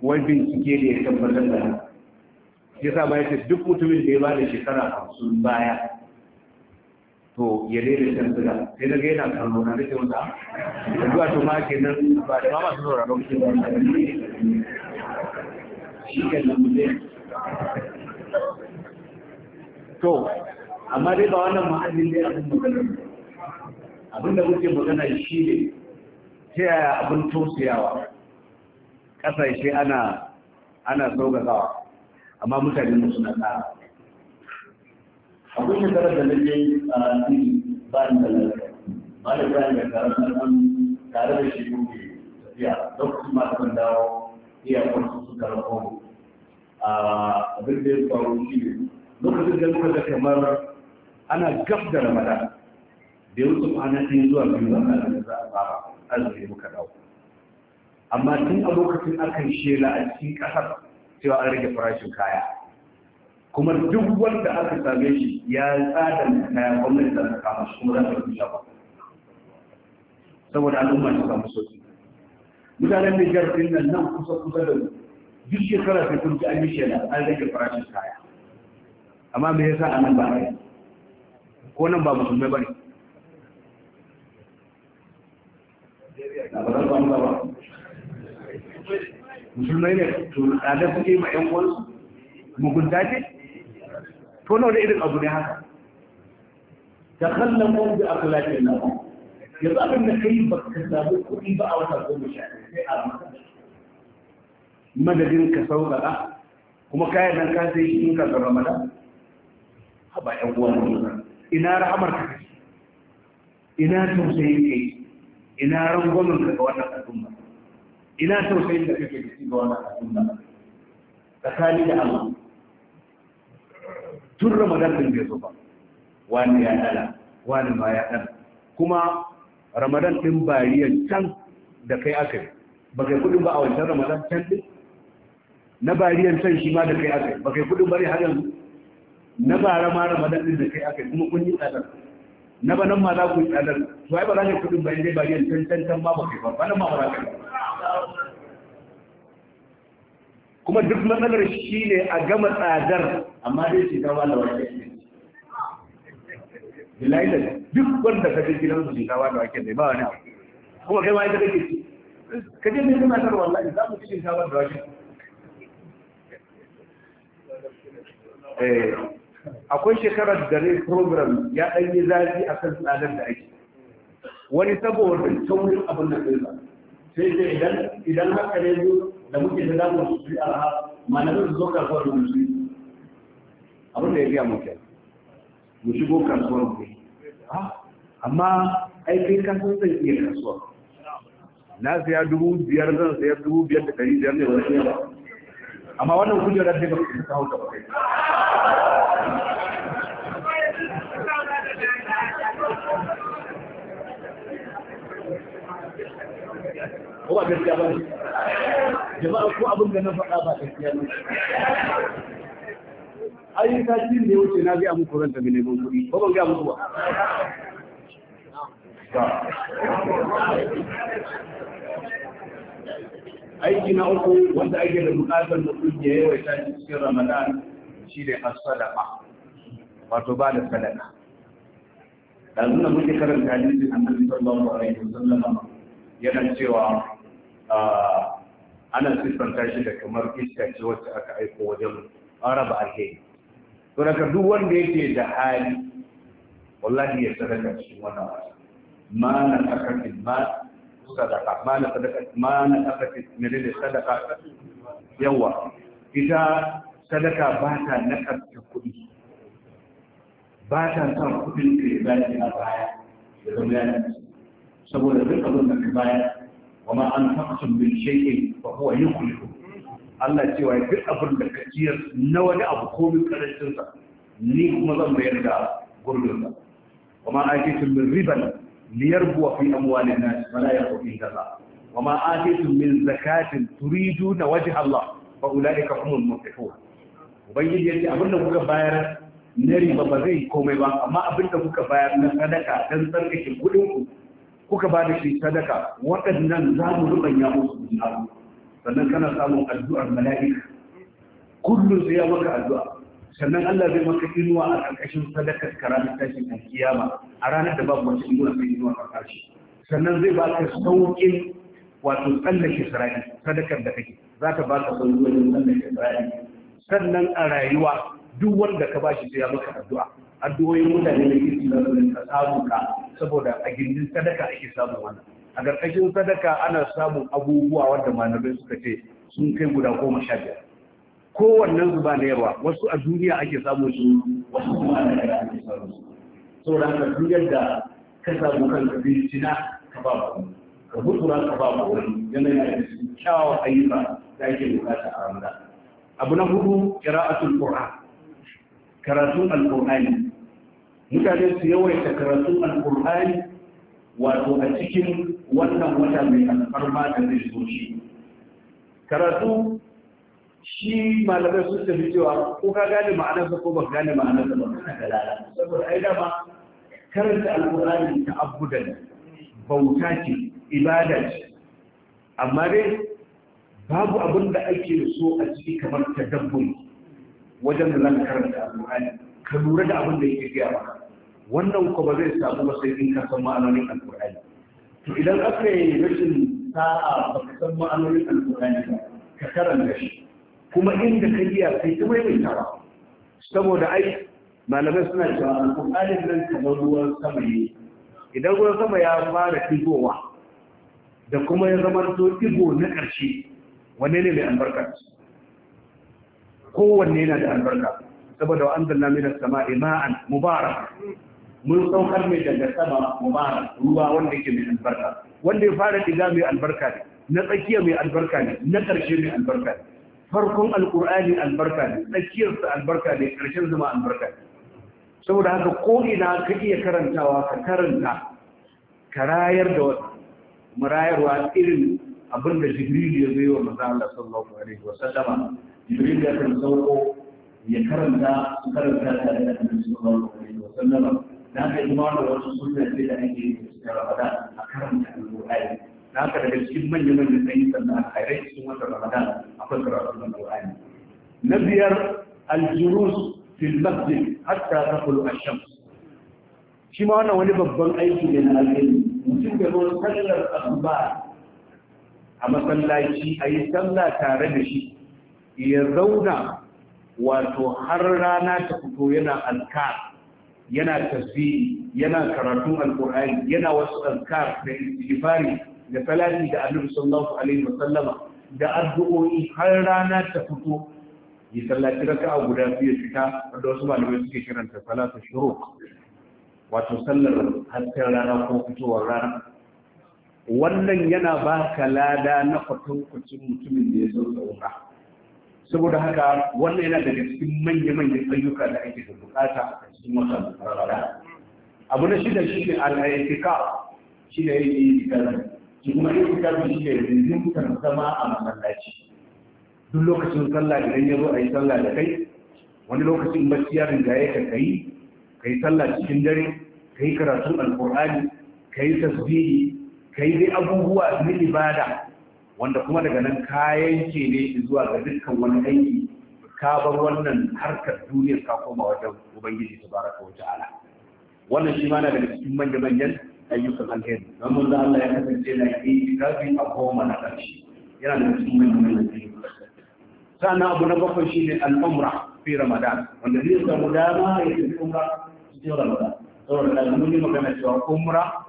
wai bincike ne ya tabbatar da haka ya sa ma duk mutumin da ya ba da shekara hamsin baya to ya daina shan siga sai na yana kallo na nake wanda yanzu a tuma nan, ba da ba masu sauraro shi nan mutum to amma dai ba wannan ma'ajin dai abin da abin da muke magana shi ne ta yaya abin tausayawa ƙasashe ana ana saugatawa amma mutane mu suna tsara akwai shekarar da nake a cikin ba ni da ba da bayan da tare da nan tare da shi kuke tafiya lokacin masu ban dawo iyakar su suka abin da ya faru shi ne lokacin da muka ga kamar ana gab da ramada da yau tsofana ta yi zuwa biyu a kan da za a fara azumi muka dawo amma tun a lokacin akan shela a cikin ƙasar. cewa an rage farashin kaya kuma duk wanda aka same shi ya tsada kaya gwamnati da ta kama shi kuma za ta rubuta shafa saboda al'umma ta samu sauki mutanen Nijar din nan nan kusa kusa da duk shekara sai kun ji an yi shela an rage farashin kaya amma me yasa a nan ba a ko nan ba musulmai ba ne ba ba ba musulmai ne to ɗanar suke ma ‘yan uwansu mugunta ce to nawa da irin abu ne haka ta kallon wanda aka lafiya na yanzu abin da kai ba ka samu kuɗi ba a wata goma sha sai a madadin ka sauƙaƙa kuma kayan nan ka sai shi in ka zama mada haba ‘yan uwan ina rahamar ka ina tausayin kai ina rangwamin ka ga wannan al'umma ina tausayin da kake da ga ga wannan da, tsakani da Allah tun Ramadan din bai zo ba wani ya dala wani ma ya dala kuma Ramadan din bariyan can da kai aka yi ba kai kudin ba a wancan Ramadan can din na bariyan can shi ma da kai aka yi ba kai kudin bari har yanzu na bara ma Ramadan din da kai aka yi kuma kun yi tsadar na banan ma za ku yi tsadar to ai ba za ka kudin ba dai bariyan can can can ma ba kai ba banan ma ba za ka yi kuma duk matsalar shi ne a gama tsadar amma dai shi kawo da wake bilailan duk wanda ka je gidan su shinkawa da wake ne ba wani abu kuma kai ma ita kake ci ka je mai zama tarwa wallahi za mu ci shinkawa da wake eh, akwai shekarar da ne program ya ɗan yi zafi a kan tsadar da ake wani saboda taurin abin da ba sai dai idan haka ne da muke da damar su fi arha malamin su zo kasuwar musu? su abin da ya biya muke mu shigo kasuwar Ah amma ai kai ka san zan iya kasuwa na siya dubu biyar zan siya dubu biyar da ɗari biyar ne ba ba amma wannan kujerar da ba su kawo hauta ba ko ba gaskiya ba ne jama'a ko abin da na faɗa ba gaskiya ne ai cin ne wuce na ga muku ranta mai neman kuɗi ko ban ga muku ba aiki na uku wanda ake da bukatar mutum ya yawaita cikin ramadan shi ne as wato ba da sadaka da nuna muke karanta hadisin annabi sallallahu alaihi wasallam yana cewa ana siffanta shi da kamar iska ce wacce aka aiko wajen araba alheri to daga duk wanda yake da hali wallahi ya sadaka cikin wannan wasa ma na sakatin ma sadaka ma na sadaka ma na sakatin da sadaka yawa ita sadaka ba ta nakarta kuɗi ba ta san kuɗin da ya a baya da zama yana saboda duk abin da ka bayar kuma an bin shekin ba fa huwa yukhliqu Allah ce cewa duk abin da ka ciyar na wani abu ko min karancin ni kuma zan mayar da gurbin a kuma tun min riban liyarbu fi amwalin nas wala yarbu fi kaza وما آتيتم من زكاة تريدون وجه الله فأولئك هم المفلحون ubangiji ya ce abin da kuka bayar na riba ba zai komai ba amma abin da kuka bayar na sadaka don tsarkake kudin ku kuka ba da shi sadaka waɗannan za mu rubanya musu juna sannan kana samun addu'ar mala'ika kullum sai ya maka addu'a sannan Allah zai maka inuwa a ƙarƙashin sadakar ka ranar tashin a kiyama a ranar da babu wacce inuwa sai inuwa a ƙarshe sannan zai ba ka sauƙin wato tsallake sarari sadakar da kake za ta ba ka sauƙi wajen tsallake sarari sannan a rayuwa duk wanda ka ba shi sai ya maka addu'a addu'o'in mutane da kirki da su ka samu ka saboda a gindin sadaka ake samun wannan a ƙarƙashin sadaka ana samun abubuwa wanda malamai suka ce sun kai guda goma sha biyar kowannen su ba na yawa wasu a duniya ake samun su wasu kuma a daga ake samun su saboda haka duk yadda ka samu kanka bincina ka ba ba ka mutura ka ba ba wani yanayin da shi. kyawawan ayyuka da ake bukata a ramadan abu na hudu qira'atul qur'an karatun alƙur'ani mutane su yawaita karatun alƙur'ani wato a cikin wannan wata mai alfarma da zai zo shi karatu shi malamai sun tafi cewa ko ka gane sa ko ba gane sa ba kana da lala saboda ai dama karanta alƙur'ani ta abudan bauta ce ibada ce amma dai babu abin da ake so a ciki kamar ta tadabbur wajen da zan karanta alƙur'ani ka lura da abin da yake gaya maka wannan ko ba zai samu ba sai in ka san ma'anonin alƙur'ani to idan aka yi rashin sa'a ba ka san ma'anonin alƙur'ani ba ka karanta shi kuma inda ka iya kai ta maimaitawa saboda ai malamai suna cewa alƙur'anin nan kamar ruwan sama ne idan ruwan sama ya fara tigowa da kuma ya zama to na ƙarshe wane ne mai albarkar kowanne yana da albarka saboda wa anzalna min as-sama'i ma'an mubarak mun saukar mai daga sama mubarak ruwa wanda yake mai albarka wanda ya fara diga mai albarka ne na tsakiya mai albarka ne na karshe mai albarka ne farkon alƙur'ani albarka ne Tsakiyar tsakiyarsa albarka ne ƙarshen zama albarka ne saboda haka ko ina ka iya karantawa ka karanta ka rayar da wata murayarwa irin abin da jibril ya zai wa maza Allah sallallahu alaihi wa sallama jibril ya kan sauko ya karanta su karanta ta da annabi sallallahu alaihi wasallam na ga imamu wasu sunna ce da ake yi cikin ramadan a karanta alqur'ani na ka daga cikin manyan manyan ayyukan da aka yi cikin watan ramadan akwai karatun alqur'ani na biyar aljulus fil masjid hatta taqulu ash-shams shi ma wannan wani babban aiki ne na alheri mutum da zo sallar asuba a masallaci a yi sallah tare da shi ya zauna wato har rana ta fito yana alkar yana tafi yana karatun alkur'ani yana wasu alkar da istighfari da salati da annabi sallallahu alaihi wasallama da addu'o'i har rana ta fito ya sallaci raka'a guda biyu fita wanda wasu malamai suke kiranta salatu shuruq wato sallar hasken rana ko fitowar rana wannan yana ba ka lada na kwatankwacin mutumin da ya sauka wuka saboda haka wannan yana daga cikin manya-manyan ayyuka da ake da bukata a cikin wata rarrada abu na shida shi ne al'ayyuka shi ne yake yi da shi kuma yi da shi ne mutan zama a masallaci duk lokacin sallah idan ya zo a yi sallah da kai wani lokacin bacci da rinjaye ka kai ka yi sallah cikin dare ka yi karatun alkur'ani ka yi tasbihi ka yi dai abubuwa na ibada wanda kuma daga nan kayan ke ne zuwa ga dukkan wani aiki ka bar wannan harkar duniyar ka koma wajen ubangiji baraka wa ta'ala wannan shi ma na daga cikin manya-manyan ayyukan alheri don mun Allah ya kasance na yi kafin a koma na ƙarshe yana daga cikin manya-manyan ayyukan sannan abu na bakwai shi ne al'umra fi ramadan wanda zai samu dama ya yi umra cikin ramadan saboda da mun yi magana cewa umra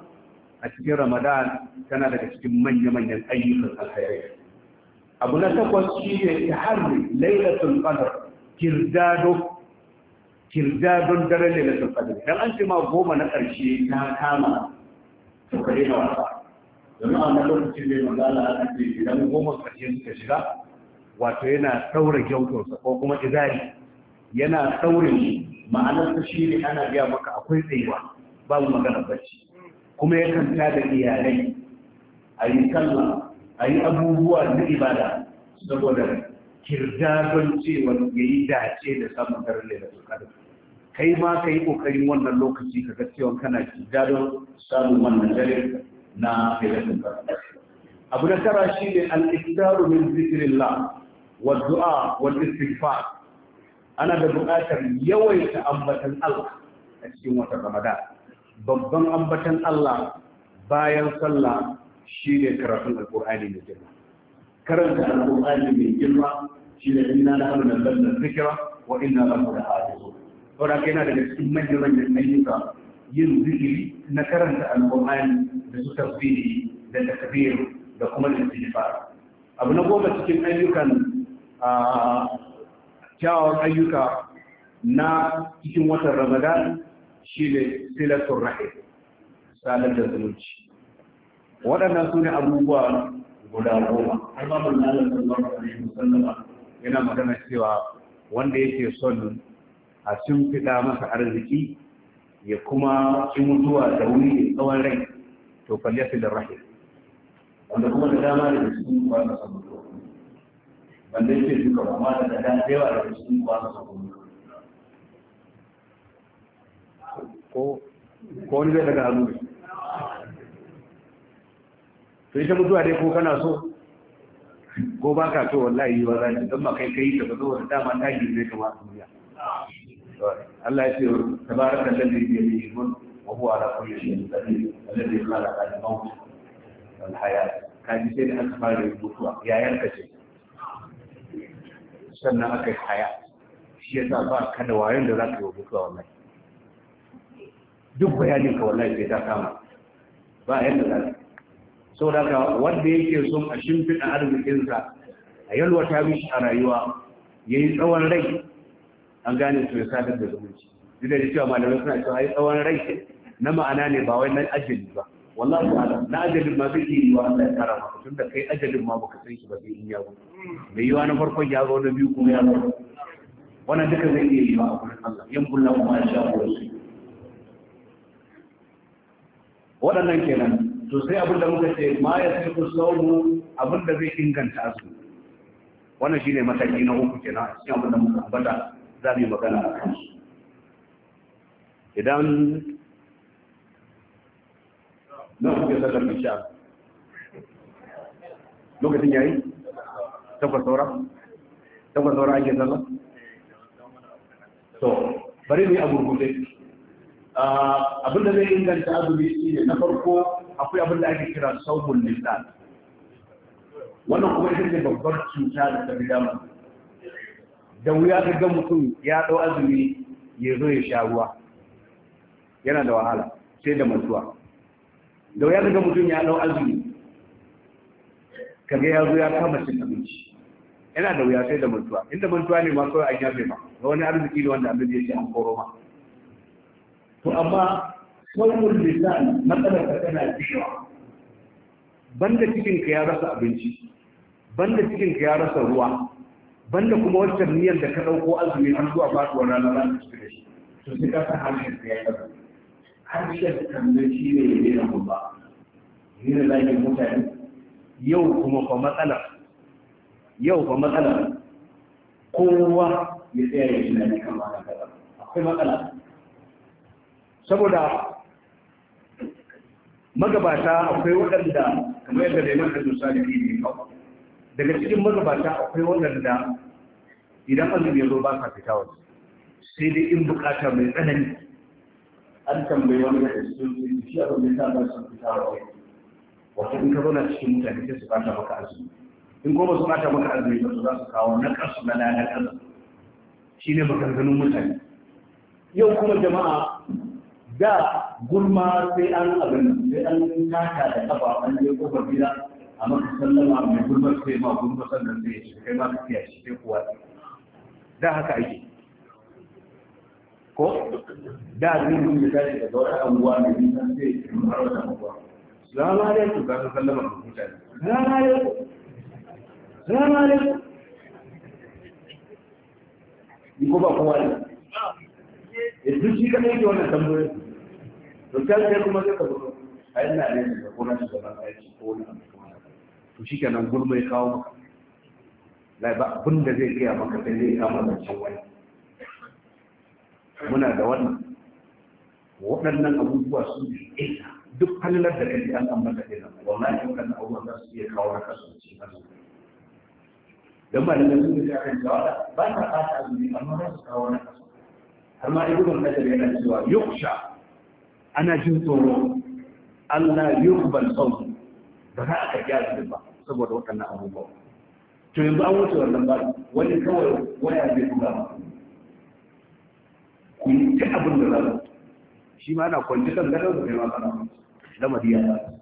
a cikin ramadan tana daga cikin manya-manyan ayyukan alkhairai abu na takwas shi ne ta harri lailatul qadr kirdado kirdadon daren lailatul qadr dan an ce ma goma na ƙarshe ta kama to kare na wasa domin a wannan lokacin ne magana a ya ce idan goma ƙarshe suka shiga wato yana saura gyautarsa ko kuma izari yana saurin ma'anarsa ma'anar shi ne ana biya maka akwai tsayuwa babu magana bacci kuma ya kanta da iyalai a yi sallah a yi abubuwa na ibada saboda kirdagon cewa ya yi dace da samun garin da kai ma ka yi ƙoƙarin wannan lokaci ka ga cewa kana kirdagon samun wannan dare na filatin kada abu na tara shi ne al-iftaru min zikrillah wa du'a wa istighfar ana da buƙatar yawaita ambatan Allah a cikin watan Ramadan babban ambatan Allah bayan sallah ne karatun alqur'ani mai girma karanta alqur'ani mai girma ina da nahnu nazzalna dhikra wa inna da lahafizun saboda kai yana daga cikin manyan manyan ayyuka yin zikiri na karanta alqur'ani da su tasbihi da takbir da kuma istighfar abu na goma cikin ayyukan a ayyuka na cikin watan ramadan shi ne silatul rahim salar da zumunci waɗannan su ne abubuwa guda goma har ma mun lalata sallallahu alaihi wasallama yana magana cewa wanda yake son a sun fida masa arziki ya kuma ci mutuwa da wuri da tsawon rai to falyasi da rahim wanda kuma da dama da cikin kuwa da sabuwa wanda yake duka ba ma da dama da yawa da cikin kuwa da sabuwa ko wani zai daga hannu ne to ita mutuwa dai ko kana so ko ba ka so wallahi ba za ta gama kai kai ta bazo da dama ta yi zai kama duniya Allah ya ce ta ba tabaraka alladhi bi yadihi al-mulk wa huwa zai kulli zai kula da khalaqa mawuta mawt wal ka ji sai da aka fara mutuwa yayan ka ce sannan aka yi haya shi ya sa ba ka da wayon da za ka yi wa mutuwa wallahi duk bayanin ka wallahi sai ta kama ba yadda zai ka da ka wanda yake son a shimfiɗa arzikinsa a ta mishi a rayuwa ya yi tsawon rai an gane su ya sadar da zumunci duk da cewa malamai suna cewa ai tsawon rai na ma'ana ne ba wai na ajali ba wallahi ta'ala na ajalin ma zai yi wa Allah ya karama, maka tun da kai ajalin ma baka san shi ba sai in ya zo mai yiwa na farkon ya zo na biyu kuma ya zo wannan duka zai iya yi ba a gurin Allah yan kullahu ma sha Allah waɗannan kenan to sai abin da muka ce ma ya ce ku mu abin da zai inganta su wannan shine mataki na uku kenan a cikin abin da muka ambata za mu yi magana a kansu idan na kuke saka isha lokacin yayi takwas saura takwas saura ake zama to bari mu yi a gurgurde Ah, abin da zai inganta azumi shi ne na farko akwai abin da ake kira saumun nisa wannan kuma ita ne babbar cuta da ta bidama da wuya ka ga mutum ya ɗau azumi ya zo ya sha ruwa yana da wahala sai da mantuwa da wuya ka ga mutum ya ɗau azumi kaga ya zo ya kama cin abinci yana da wuya sai da mantuwa inda mantuwa ne ma kawai an yafe ma ga wani arziki ne wanda da ya ce an koro ma to amma sauran lisan matsalar ka tana cewa banda cikin ka ya rasa abinci banda cikin ka ya rasa ruwa banda kuma wacce niyyar da ka dauko azumi har zuwa faduwar rana za ta da shi to sai ka san harshen ka ya rasa harshen kan nan shi ne ya rera mu ba ni da zaki mutane yau kuma fa matsala yau fa matsala kowa ya tsaya ya tunani kan ma akwai matsala saboda magabata akwai waɗanda kamar yadda da yi da dusa da ke daga cikin magabata akwai waɗanda idan an ya zo ba ka fita wasu sai dai in bukata mai tsanani an tambayi wani da cikin shi a rubuta ta ba su fita wasu wato in ka na cikin mutane sai su bata maka azumi in ko ba su bata maka azumi ba su za su kawo na kasu na lalar shi ne maganganun mutane yau kuma jama'a da gulma sai an abin sai an taka da kafa an je kofar gida a maka sallama mai gulmar sai ma gulma sannan sai shi kai ma tafiya shi sai kuwa da haka ake ko da ni mun da tashi daga wata anguwa mai nisan sai ya kuma har wata anguwa salamu alaikum ka sallama ga mutane salamu alaikum salamu alaikum ni ko ba kowa ne ya eh, duk shi kadai ke wannan tambayoyin don ka kai kuma zaka ka zo a ina ne da gona shi gaban aiki ko wani abu kuma to shi kenan gulma ya kawo maka lai ba abin da zai gaya maka sai zai kama zancen wani muna da wannan waɗannan abubuwa su ne ita duk halilar da kai an ambata ɗin nan wallahi waɗannan abubuwan za su iya kawo raka su ci na zuwa don ba da nan sun ga kan jawada ba ta ɓata azumi amma za su kawo raka su har ma ibn hajar yana cewa yuksha ana jin tsoro Allah yuqbal saut ba za a karɓi abin ba saboda waɗannan abubuwa to yanzu an wuce wannan ba wani kawai waya zai kula ba ku yi ta abin da za shi ma ana kwanci kan gadon da ya ma kana lamari ya